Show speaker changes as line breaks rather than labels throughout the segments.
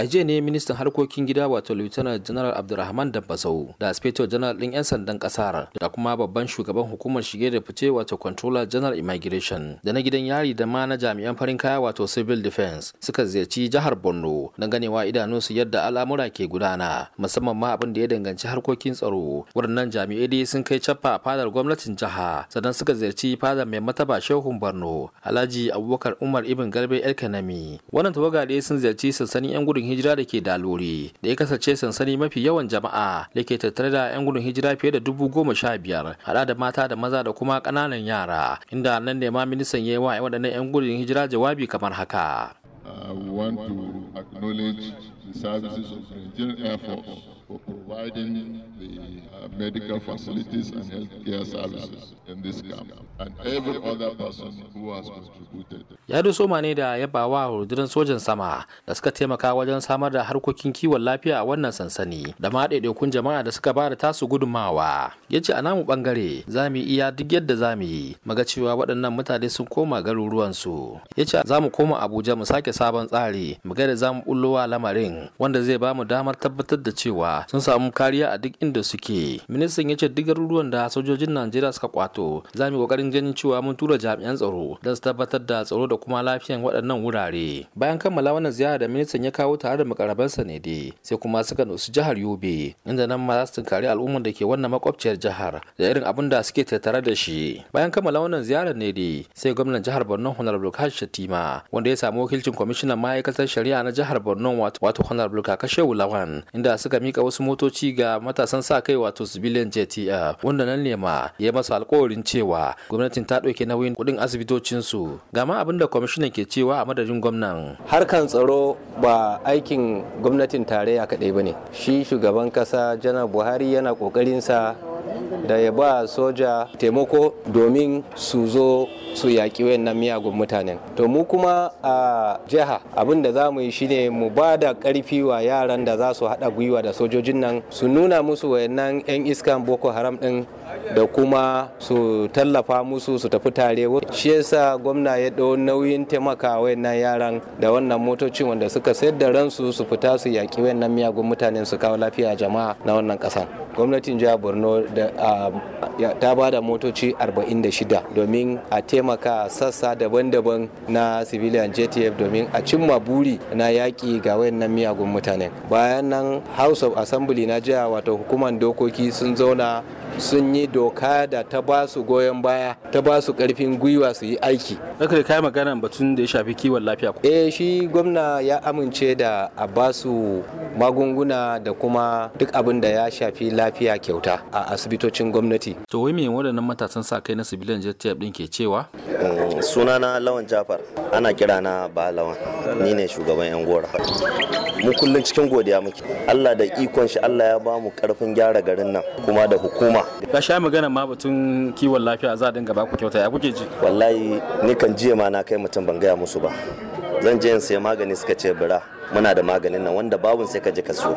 a jiya ne ministan harkokin gida wato lieutenant general abdulrahman dabbasau da inspector general din yan sandan kasar da kuma babban shugaban hukumar shige da fice wato controller general immigration da na gidan yari da ma na jami'an farin kaya wato civil defense suka ziyarci jihar borno don ganewa su yadda al'amura ke gudana musamman ma abin da ya danganci harkokin tsaro waɗannan jami'ai dai sun kai caffa fadar gwamnatin jiha sannan suka ziyarci fadar mai mataba shehun borno alhaji abubakar umar ibn Galbe elkanami wannan tawaga dai sun ziyarci sansanin yan gudun hijira da ke dalori da ya kasance sansani mafi yawan jama'a da ke tattare da 'yan gudun hijira fiye da dubu goma sha biyar haɗa da mata da maza da kuma kananan yara inda nan ne ma ministan ya yi wa waɗannan 'yan gudun hijira jawabi kamar haka.
for providing the uh, medical facilities and healthcare services in this camp and every other person who has contributed.
Ya soma ne da yaba wa rundunar sojan sama da suka taimaka wajen samar da harkokin kiwon lafiya a wannan sansani da ma ɗaiɗaikun jama'a da suka bada tasu gudunmawa. Ya ce a namu ɓangare za mu iya duk yadda za mu yi maga cewa waɗannan mutane sun koma garuruwansu. Ya ce za mu koma Abuja mu sake sabon tsari mu ga da za mu ɓullowa lamarin wanda zai ba mu damar tabbatar da cewa sun samu kariya a duk inda suke ministan ya ce duk garuruwan da sojojin najeriya suka kwato za mu yi kokarin ganin cewa mun tura jami'an tsaro don su tabbatar da tsaro da kuma lafiyan waɗannan wurare bayan kammala wannan ziyara da ministan ya kawo tare da makarabansa ne dai sai kuma suka nusu jihar yobe inda nan ma za su tunkari al'ummar da ke wannan makwabciyar jihar da irin abin da suke tattare da shi bayan kammala wannan ziyara ne dai sai gwamnan jihar borno honorable kashi shatima wanda ya samu wakilcin kwamishinan ma'aikatar shari'a na jihar borno wato honorable kakashewu lawan inda suka mika wasu motoci ga matasan sa kai wato civilian JTF wanda nan ne ma ya masa alkawarin cewa gwamnatin ta ɗauke nauyin kuɗin asibitocin su ga ma abin da kwamishinan ke cewa a madadin gwamnan
harkan tsaro ba aikin gwamnatin tarayya kaɗai ba ne shi shugaban ƙasa janar buhari yana sa da ya ba soja taimako domin su zo su yaƙi wayannan miyagun mutanen to mu kuma a jiha abin da za mu yi shine mu ba da ƙarfi wa yaran da za su haɗa gwiwa da sojojin nan su nuna musu wayannan 'yan iskan boko haram ɗin da kuma su tallafa musu su tafi tare shi yasa gwamna ya ɗau nauyin taimaka wayannan yaran da wannan motocin wanda suka sayar da ransu su fita su yaƙi wayannan miyagun mutanen su kawo lafiya jama'a na wannan ƙasa gwamnatin jihar borno ta ba da motoci 40 46 domin a taimaka sassa daban-daban na civilian jtf domin a cimma buri na yaƙi ga wayannan miyagun mutane bayan nan house of assembly na jiya wato hukumar dokoki sun zauna sun yi doka da ta ba su goyon baya ta ba su karfin gwiwa su yi aiki haka da kai magana batun da ya shafi kiwon lafiya eh shi gwamna ya amince da a ba su magunguna da kuma duk abin da ya shafi lafiya kyauta a asibitocin gwamnati
to wai me waɗannan matasan sa kai na sibilan jet din ke cewa mm, Suna na lawan jafar ana kira na ba lawan ni ne shugaban yan gora mu kullum cikin godiya muke Allah da ikon shi Allah ya ba mu karfin gyara garin nan kuma da hukuma Ka ga sha magana ma batun kiwon lafiya za a dinga ba ku kyauta ya kuke ji wallahi ni kan jiya ma na kai mutum ban gaya musu ba zan je in sayi magani suka ce bira muna da maganin nan wanda babun sai ka ji ka so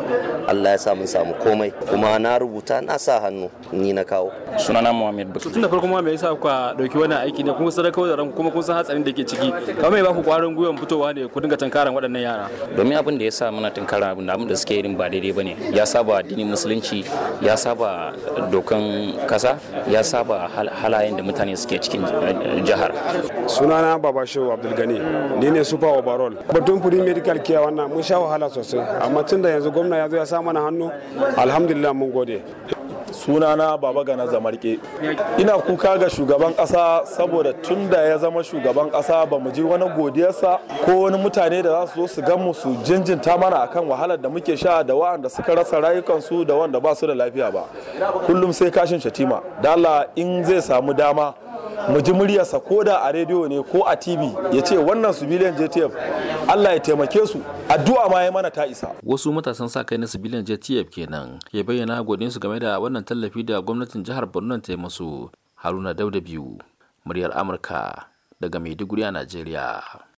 Allah ya sa mun samu komai kuma na rubuta na sa hannu ni na kawo sunana Muhammad Bukki tun da farko ma me yasa ku dauki wannan aiki ne kuma sadaka da ranku kuma kun san hatsarin da ke ciki kamar me ba ku kwarin fitowa ne ku dinga tankaran waɗannan yara domin abin da yasa muna tankaran abin da abin da suke irin ba daidai bane ya saba addinin musulunci ya saba dokan kasa ya saba halayen da mutane suke cikin eh, jihar
sunana baba shehu abdulgani ni ne super overall batun free medical care wannan mana mun sha wahala sosai amma tun da yanzu gwamna ya zo ya sa mana hannu alhamdulillah mun gode sunana
baba gana zamarke ina kuka ga shugaban kasa saboda tun da ya zama shugaban kasa ba mu ji wani godiyarsa ko wani mutane da za su zo su gan mu su jinjinta mana akan wahalar da muke sha da wa'anda suka rasa rayukansu da wanda ba su da lafiya ba kullum sai kashin shatima dala in zai samu dama mu ji muryarsa ko da a rediyo ne ko a tv ya ce wannan su miliyan jtf Allah ya taimake su addu'a ma ya mana ta isa wasu matasan sa kai na sibilan JTF kenan ya bayyana godin su game da wannan tallafi da gwamnatin jihar Borno ta yi musu Haruna Dauda biyu muryar Amurka daga Maiduguri a Najeriya